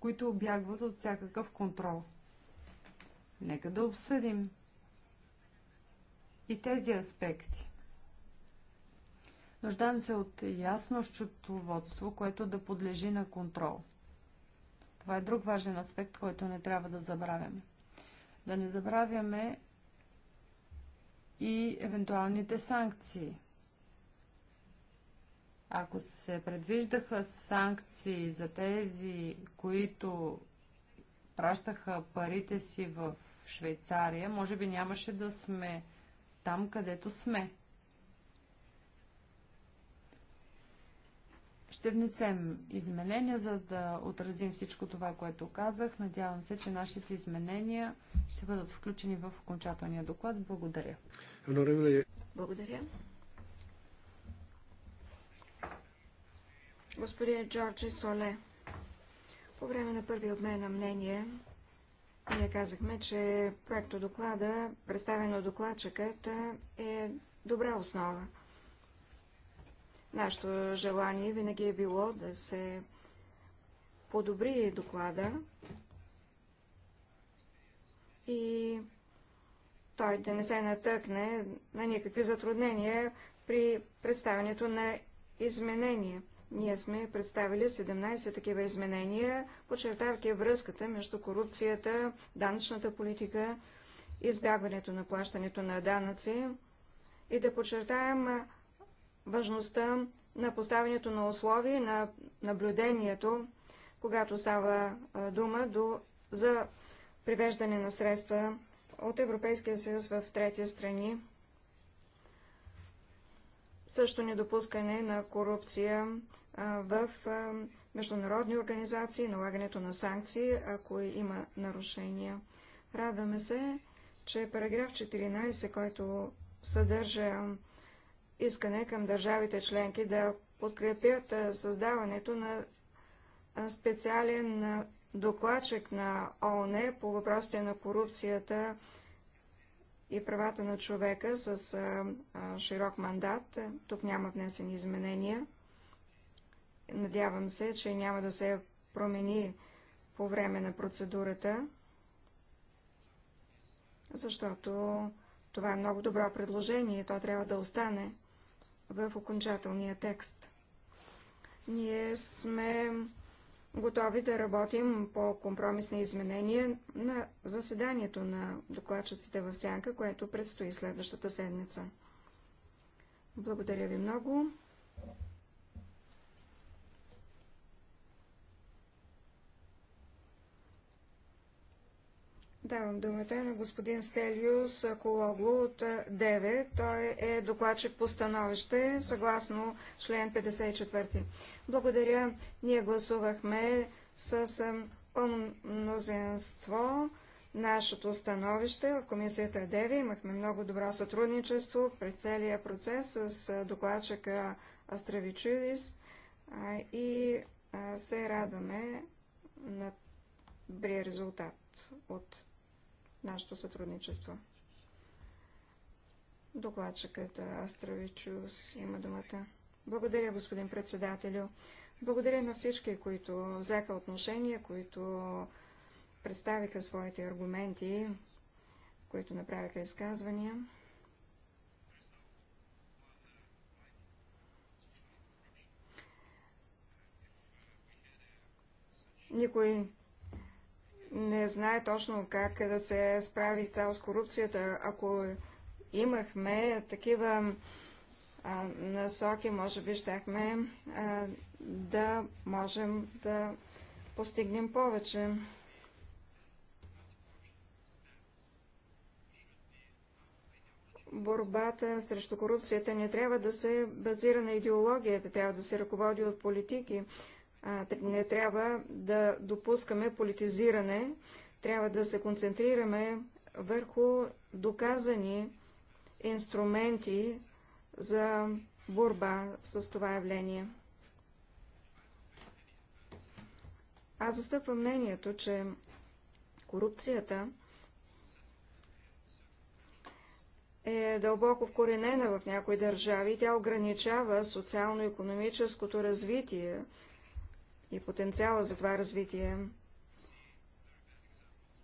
които обягват от всякакъв контрол. Нека да обсъдим и тези аспекти. Нуждам се от ясно счетоводство, което да подлежи на контрол. Това е друг важен аспект, който не трябва да забравяме. Да не забравяме и евентуалните санкции – ако се предвиждаха санкции за тези, които пращаха парите си в Швейцария, може би нямаше да сме там, където сме. Ще внесем изменения, за да отразим всичко това, което казах. Надявам се, че нашите изменения ще бъдат включени в окончателния доклад. Благодаря. Благодаря. господин Джордж Соле. По време на първи обмен на мнение, ние казахме, че проекто доклада, представен от докладчикът, е добра основа. Нашето желание винаги е било да се подобри доклада и той да не се натъкне на никакви затруднения при представянето на изменения. Ние сме представили 17 такива изменения, подчертавайки връзката между корупцията, данъчната политика, избягването на плащането на данъци и да подчертаем важността на поставянето на условия на наблюдението, когато става дума до, за привеждане на средства от Европейския съюз в трети страни, също недопускане на корупция в международни организации, налагането на санкции, ако има нарушения. Радваме се, че параграф 14, който съдържа искане към държавите членки да подкрепят създаването на специален докладчик на ООН по въпросите на корупцията и правата на човека с широк мандат. Тук няма внесени изменения. Надявам се, че няма да се промени по време на процедурата, защото това е много добро предложение и то трябва да остане в окончателния текст. Ние сме готови да работим по компромисни изменения на заседанието на докладчиците в Сянка, което предстои следващата седмица. Благодаря ви много. Давам думата на господин Стелиус Кологло от 9. Той е докладчик по становище, съгласно член 54. Благодаря. Ние гласувахме с пълно мнозинство нашето становище в комисията ДЕВИ. Имахме много добро сътрудничество при целия процес с докладчика Астравичудис и се радваме на добрия резултат от нашето сътрудничество. Докладчикът Астравичус има думата. Благодаря, господин председателю. Благодаря на всички, които взеха отношения, които представиха своите аргументи, които направиха изказвания. Никой не знае точно как да се справи цяло с корупцията. Ако имахме такива а, насоки, може би щяхме а, да можем да постигнем повече. Борбата срещу корупцията не трябва да се базира на идеологията, трябва да се ръководи от политики не трябва да допускаме политизиране, трябва да се концентрираме върху доказани инструменти за борба с това явление. Аз застъпвам мнението, че корупцията е дълбоко вкоренена в някои държави. Тя ограничава социално-економическото развитие и потенциала за това развитие.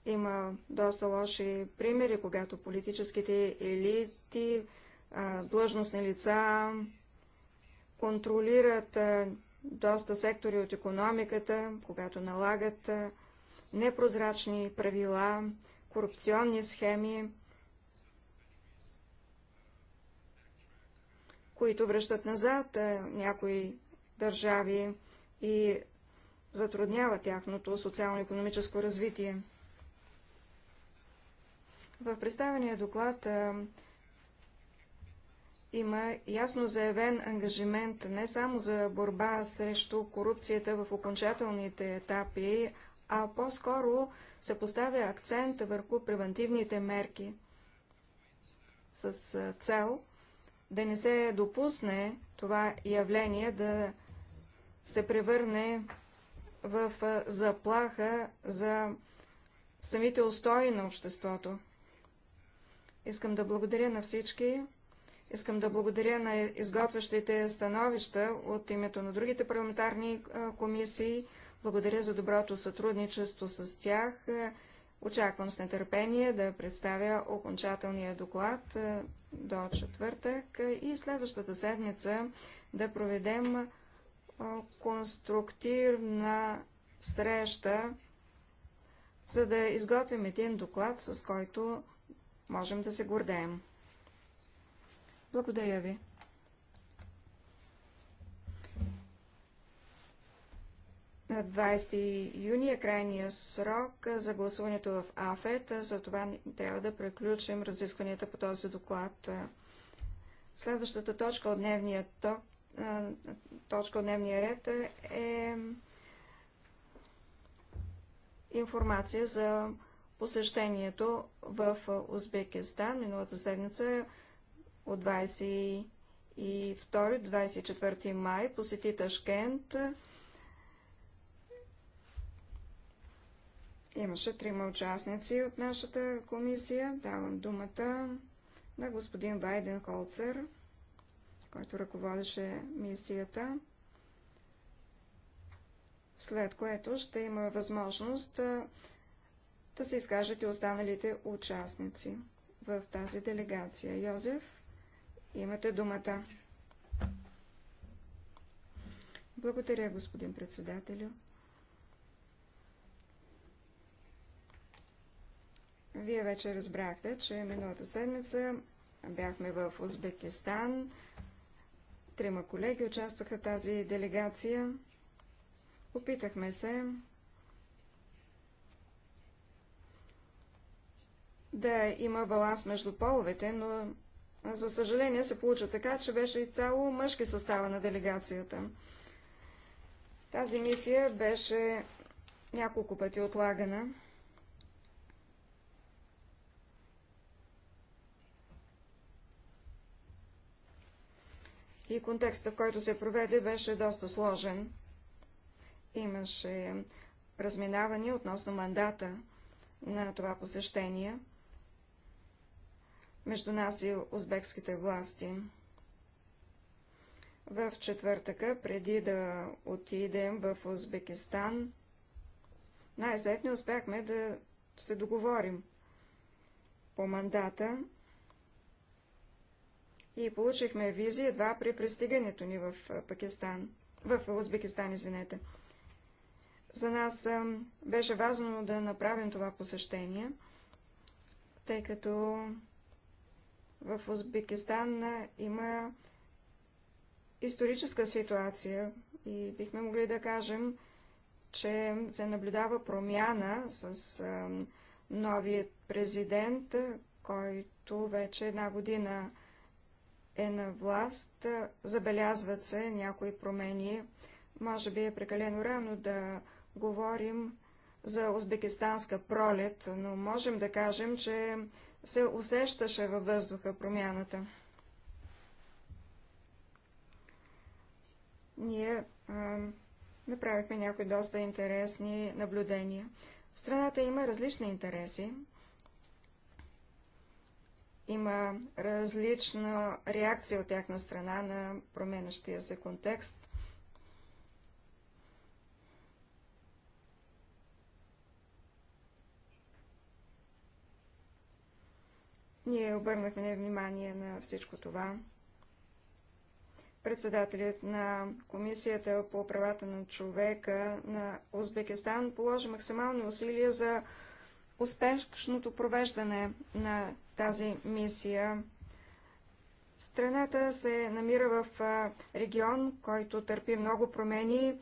Има доста лоши примери, когато политическите елити, длъжностни лица контролират доста сектори от економиката, когато налагат непрозрачни правила, корупционни схеми, които връщат назад някои държави и затруднява тяхното социално-економическо развитие. В представения доклад а, има ясно заявен ангажимент не само за борба срещу корупцията в окончателните етапи, а по-скоро се поставя акцент върху превентивните мерки с цел да не се допусне това явление да се превърне в заплаха за самите устои на обществото. Искам да благодаря на всички. Искам да благодаря на изготвящите становища от името на другите парламентарни комисии. Благодаря за доброто сътрудничество с тях. Очаквам с нетърпение да представя окончателния доклад до четвъртък и следващата седмица да проведем конструктивна среща, за да изготвим един доклад, с който можем да се гордеем. Благодаря ви. На 20 юни е крайния срок за гласуването в АФЕТ, за това трябва да преключим разискванията по този доклад. Следващата точка от дневния ток точка от дневния ред е информация за посещението в Узбекистан миналата седмица от 22 до 24 май посети Ташкент. Имаше трима участници от нашата комисия. Давам думата на господин Вайден Холцер който ръководеше мисията, след което ще има възможност да, да се изкажат и останалите участници в тази делегация. Йозеф, имате думата. Благодаря, господин председателю. Вие вече разбрахте, че миналата седмица бяхме в Узбекистан. Трима колеги участваха в тази делегация. Опитахме се да има баланс между половете, но за съжаление се получи така, че беше и цяло мъжки състава на делегацията. Тази мисия беше няколко пъти отлагана. и контекста, в който се проведе, беше доста сложен. Имаше разминаване относно мандата на това посещение между нас и узбекските власти. В четвъртъка, преди да отидем в Узбекистан, най-сетне успяхме да се договорим по мандата и получихме визи едва при пристигането ни в Пакистан, в Узбекистан, извинете. За нас беше важно да направим това посещение, тъй като в Узбекистан има историческа ситуация и бихме могли да кажем, че се наблюдава промяна с новият президент, който вече една година е на власт, забелязват се някои промени. Може би е прекалено рано да говорим за узбекистанска пролет, но можем да кажем, че се усещаше във въздуха промяната. Ние а, направихме някои доста интересни наблюдения. В страната има различни интереси, има различна реакция от тяхна страна на променящия се контекст. Ние обърнахме внимание на всичко това. Председателят на Комисията по правата на човека на Узбекистан положи максимални усилия за успешното провеждане на тази мисия. Страната се намира в регион, който търпи много промени.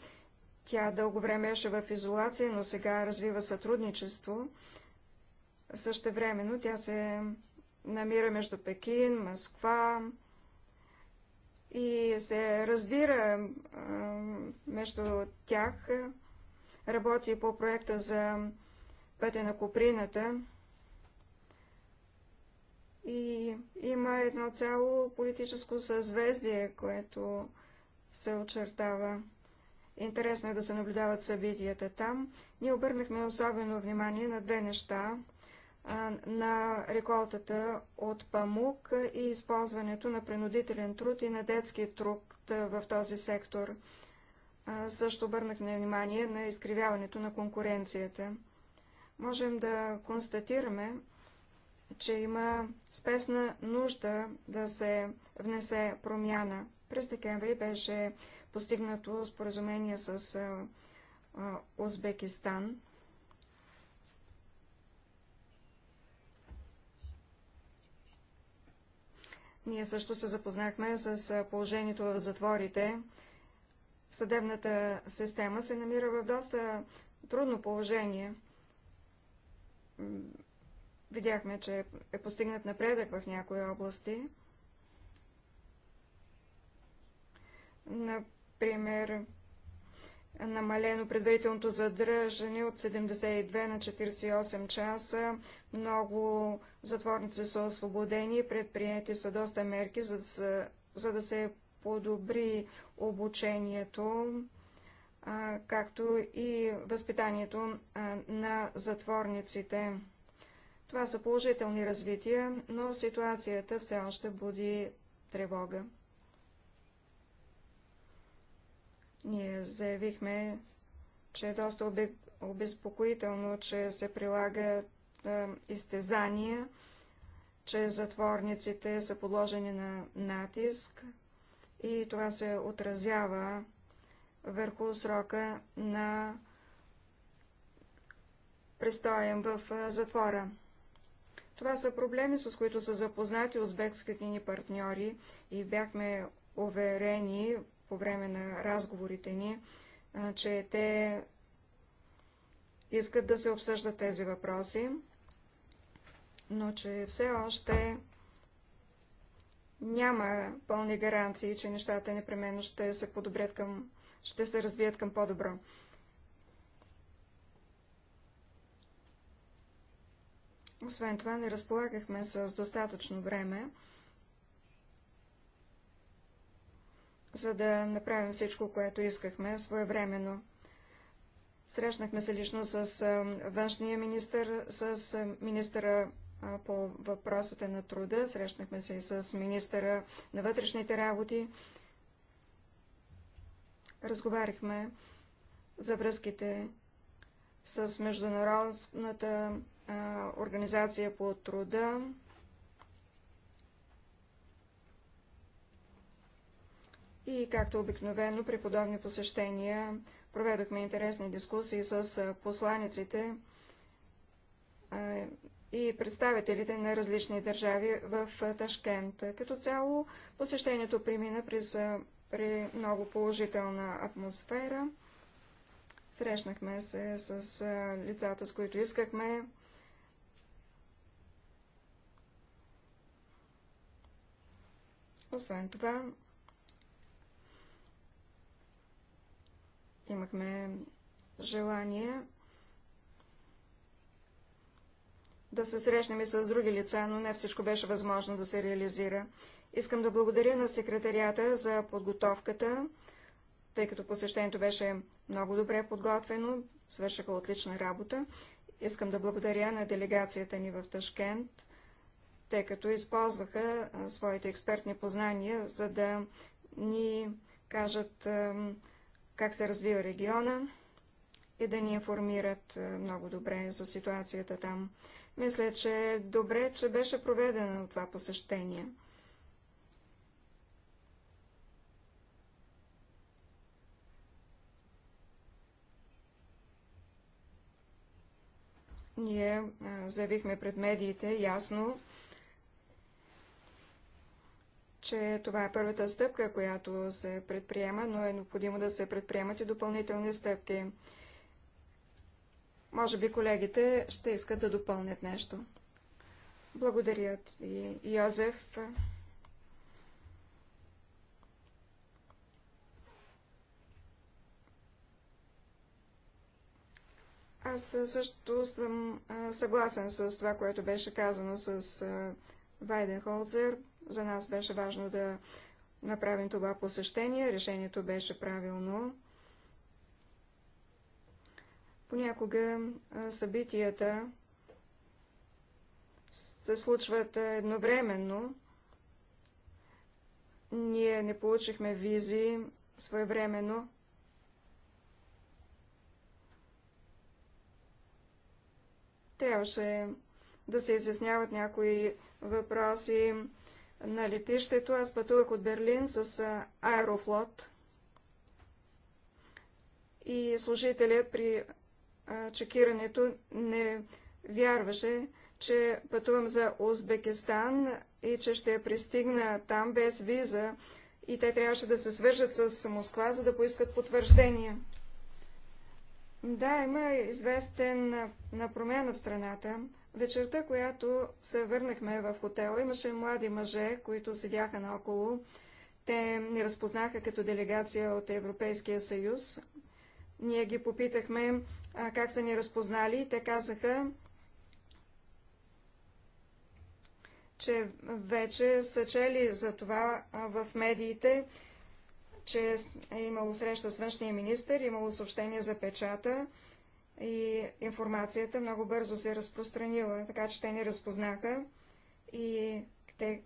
Тя дълго време беше в изолация, но сега развива сътрудничество. Същевременно тя се намира между Пекин, Москва и се раздира между тях. Работи по проекта за пътя на Коприната и има едно цяло политическо съзвездие, което се очертава. Интересно е да се наблюдават събитията там. Ние обърнахме особено внимание на две неща на реколтата от памук и използването на принудителен труд и на детски труд в този сектор. Също обърнахме внимание на изкривяването на конкуренцията можем да констатираме, че има спесна нужда да се внесе промяна. През декември беше постигнато споразумение с Узбекистан. Ние също се запознахме с положението в затворите. Съдебната система се намира в доста трудно положение видяхме, че е постигнат напредък в някои области. Например, намалено предварителното задържане от 72 на 48 часа. Много затворници са освободени, предприяти са доста мерки, за да, за да се подобри обучението както и възпитанието на затворниците. Това са положителни развития, но ситуацията все още буди тревога. Ние заявихме, че е доста обезпокоително, че се прилагат изтезания, че затворниците са подложени на натиск и това се отразява върху срока на престоем в затвора. Това са проблеми, с които са запознати узбекските ни партньори и бяхме уверени по време на разговорите ни, че те искат да се обсъждат тези въпроси, но че все още няма пълни гаранции, че нещата непременно ще се подобрят към ще се развият към по-добро. Освен това, не разполагахме с достатъчно време, за да направим всичко, което искахме своевременно. Срещнахме се лично с външния министр, с министъра по въпросите на труда, срещнахме се и с министъра на вътрешните работи разговаряхме за връзките с Международната а, организация по труда. И както обикновено при подобни посещения проведохме интересни дискусии с посланиците а, и представителите на различни държави в Ташкент. Като цяло посещението премина през при много положителна атмосфера. Срещнахме се с лицата, с които искахме. Освен това, имахме желание да се срещнем и с други лица, но не всичко беше възможно да се реализира. Искам да благодаря на секретарията за подготовката, тъй като посещението беше много добре подготвено, свършиха отлична работа. Искам да благодаря на делегацията ни в Ташкент, тъй като използваха своите експертни познания, за да ни кажат как се развива региона и да ни информират много добре за ситуацията там. Мисля, че добре, че беше проведено това посещение. Ние заявихме пред медиите ясно, че това е първата стъпка, която се предприема, но е необходимо да се предприемат и допълнителни стъпки. Може би колегите ще искат да допълнят нещо. Благодаря и Йозеф. Аз също съм съгласен с това, което беше казано с Вайденхолцер. За нас беше важно да направим това посещение. Решението беше правилно. Понякога събитията се случват едновременно. Ние не получихме визи своевременно, Трябваше да се изясняват някои въпроси на летището. Аз пътувах от Берлин с Аерофлот и служителят при чекирането не вярваше, че пътувам за Узбекистан и че ще пристигна там без виза и те трябваше да се свържат с Москва, за да поискат потвърждение. Да, има известен на промяна в страната. Вечерта, която се върнахме в хотела, имаше млади мъже, които седяха наоколо. Те ни разпознаха като делегация от Европейския съюз. Ние ги попитахме а, как са ни разпознали и те казаха, че вече са чели за това а, в медиите че е имало среща с външния министр, имало съобщение за печата и информацията много бързо се е разпространила, така че те не разпознаха и те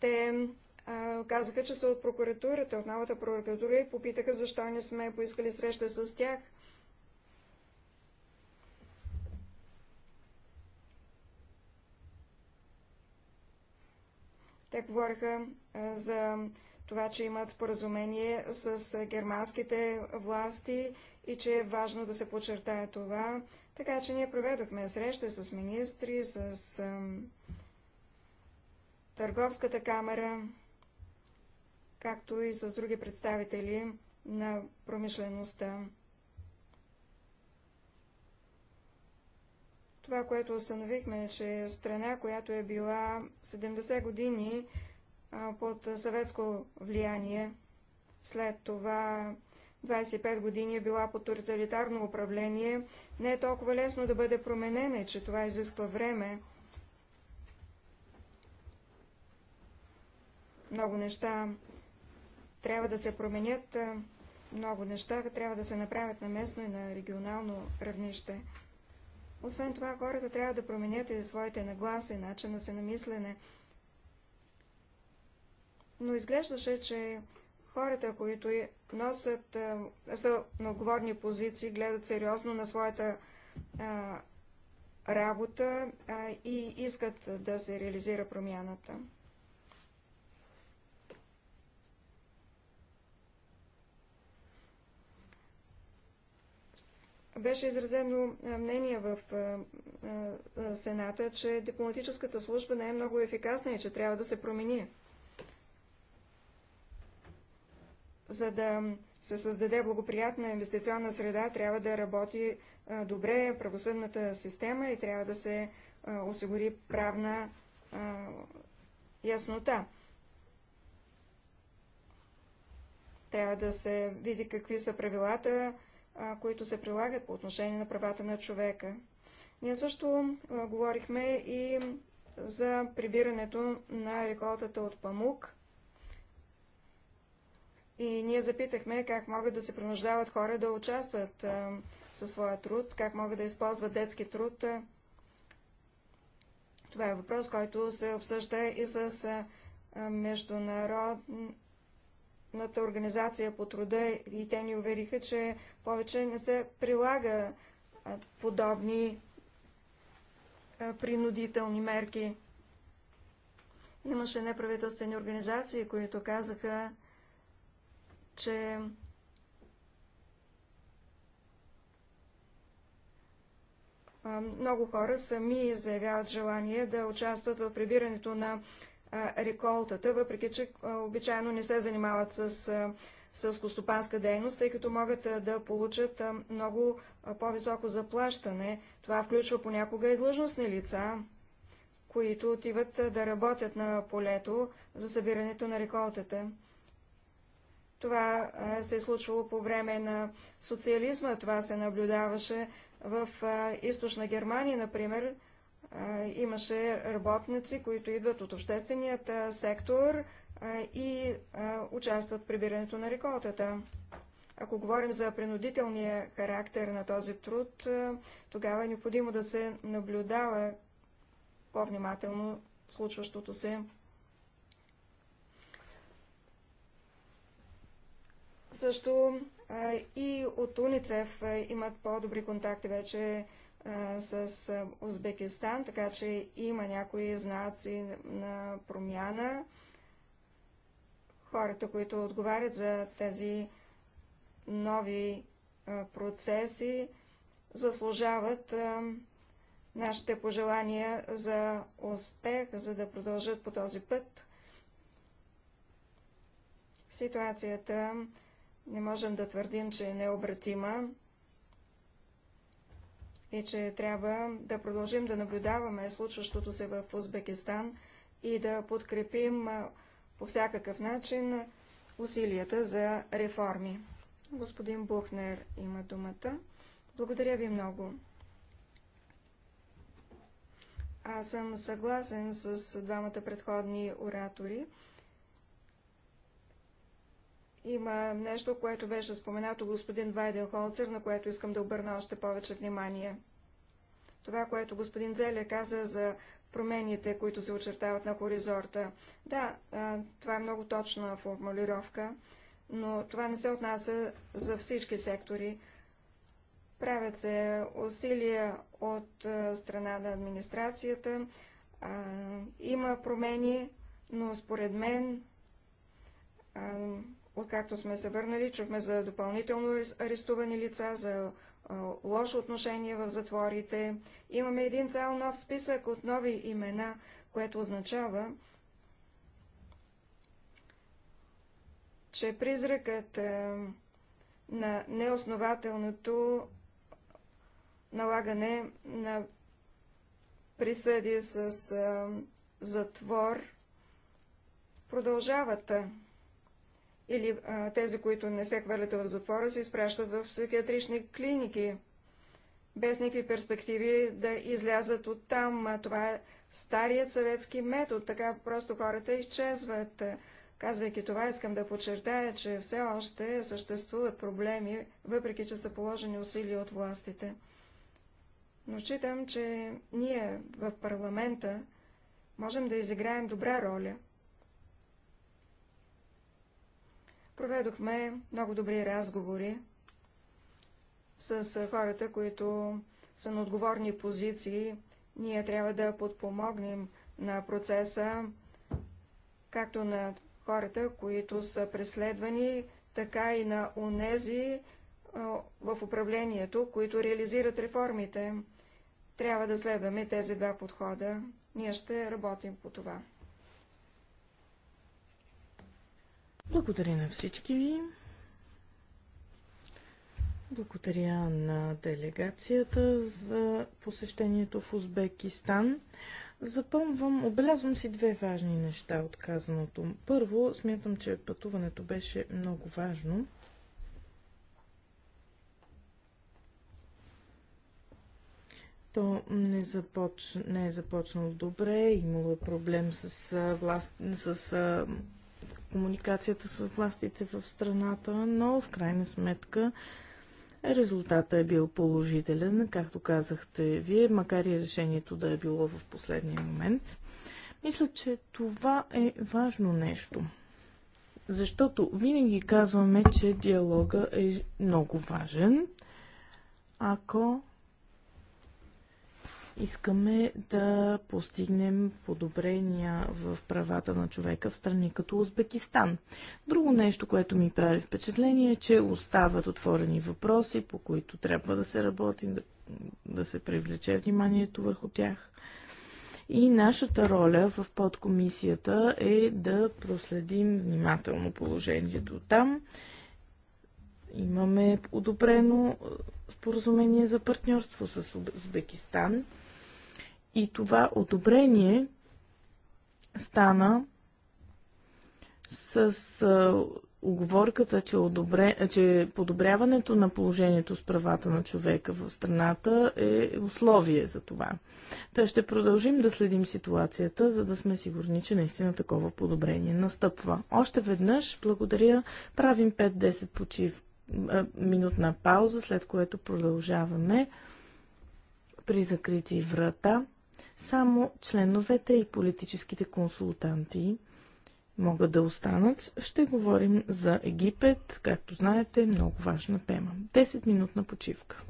те а, казаха, че са от прокуратурата, от новата прокуратура и попитаха защо не сме поискали среща с тях – Те говориха за това, че имат споразумение с германските власти и че е важно да се подчертае това. Така че ние проведохме среща с министри, с Търговската камера, както и с други представители на промишлеността. Това, което установихме е, че страна, която е била 70 години под съветско влияние, след това 25 години е била под тоталитарно управление, не е толкова лесно да бъде променена, и че това изисква време. Много неща трябва да се променят, много неща трябва да се направят на местно и на регионално равнище. Освен това, хората трябва да променят и своите нагласи, начина си на мислене. Но изглеждаше, че хората, които носят, са на отговорни позиции, гледат сериозно на своята а, работа а, и искат да се реализира промяната. Беше изразено мнение в Сената, че дипломатическата служба не е много ефикасна и че трябва да се промени. За да се създаде благоприятна инвестиционна среда, трябва да работи добре правосъдната система и трябва да се осигури правна яснота. Трябва да се види какви са правилата, които се прилагат по отношение на правата на човека. Ние също говорихме и за прибирането на реколтата от памук. И ние запитахме как могат да се принуждават хора да участват със своя труд, как могат да използват детски труд. Това е въпрос, който се обсъжда и с международни Международната организация по труда и те ни увериха, че повече не се прилага подобни принудителни мерки. Имаше неправителствени организации, които казаха, че много хора сами заявяват желание да участват в прибирането на реколтата, въпреки че обичайно не се занимават с сълскостопанска дейност, тъй като могат да получат много по-високо заплащане. Това включва понякога и длъжностни лица, които отиват да работят на полето за събирането на реколтата. Това се е случвало по време на социализма, това се наблюдаваше в източна Германия, например, имаше работници, които идват от общественият сектор и участват в прибирането на реколтата. Ако говорим за принудителния характер на този труд, тогава е необходимо да се наблюдава по-внимателно случващото се. Също и от УНИЦЕФ имат по-добри контакти вече с Узбекистан, така че има някои знаци на промяна. Хората, които отговарят за тези нови процеси, заслужават нашите пожелания за успех, за да продължат по този път. Ситуацията не можем да твърдим, че е необратима е, че трябва да продължим да наблюдаваме случващото се в Узбекистан и да подкрепим по всякакъв начин усилията за реформи. Господин Бухнер има думата. Благодаря ви много. Аз съм съгласен с двамата предходни оратори. Има нещо, което беше споменато господин Вайден Холцер, на което искам да обърна още повече внимание. Това, което господин Зеле каза за промените, които се очертават на хоризонта. Да, това е много точна формулировка, но това не се отнася за всички сектори. Правят се усилия от страна на администрацията. Има промени, но според мен Откакто сме се върнали, чухме за допълнително арестувани лица, за лошо отношение в затворите. Имаме един цял нов списък от нови имена, което означава, че призракът на неоснователното налагане на присъди с затвор продължават или а, тези, които не се хвърлят в затвора, се изпращат в психиатрични клиники, без никакви перспективи да излязат от там. Това е старият съветски метод, така просто хората изчезват. Казвайки това, искам да подчертая, че все още съществуват проблеми, въпреки че са положени усилия от властите. Но считам, че ние в парламента можем да изиграем добра роля – Проведохме много добри разговори с хората, които са на отговорни позиции. Ние трябва да подпомогнем на процеса, както на хората, които са преследвани, така и на онези в управлението, които реализират реформите. Трябва да следваме тези два подхода. Ние ще работим по това. Благодаря на всички ви. Благодаря на делегацията за посещението в Узбекистан. Запомвам, обелязвам си две важни неща от казаното. Първо, смятам, че пътуването беше много важно. то не, започ... не е започнало добре, имало е проблем с, власт... с комуникацията с властите в страната, но в крайна сметка резултатът е бил положителен, както казахте вие, макар и решението да е било в последния момент. Мисля, че това е важно нещо. Защото винаги казваме, че диалога е много важен, ако Искаме да постигнем подобрения в правата на човека в страни като Узбекистан. Друго нещо, което ми прави впечатление е, че остават отворени въпроси, по които трябва да се работи, да, да се привлече вниманието върху тях. И нашата роля в подкомисията е да проследим внимателно положението там. Имаме одобрено споразумение за партньорство с Узбекистан. И това одобрение стана с оговорката, че, одобре, че подобряването на положението с правата на човека в страната е условие за това. Та ще продължим да следим ситуацията, за да сме сигурни, че наистина такова подобрение настъпва. Още веднъж благодаря. Правим 5-10 почив, минутна пауза, след което продължаваме при закрити врата. Само членовете и политическите консултанти могат да останат. Ще говорим за Египет, както знаете, много важна тема. 10-минутна почивка.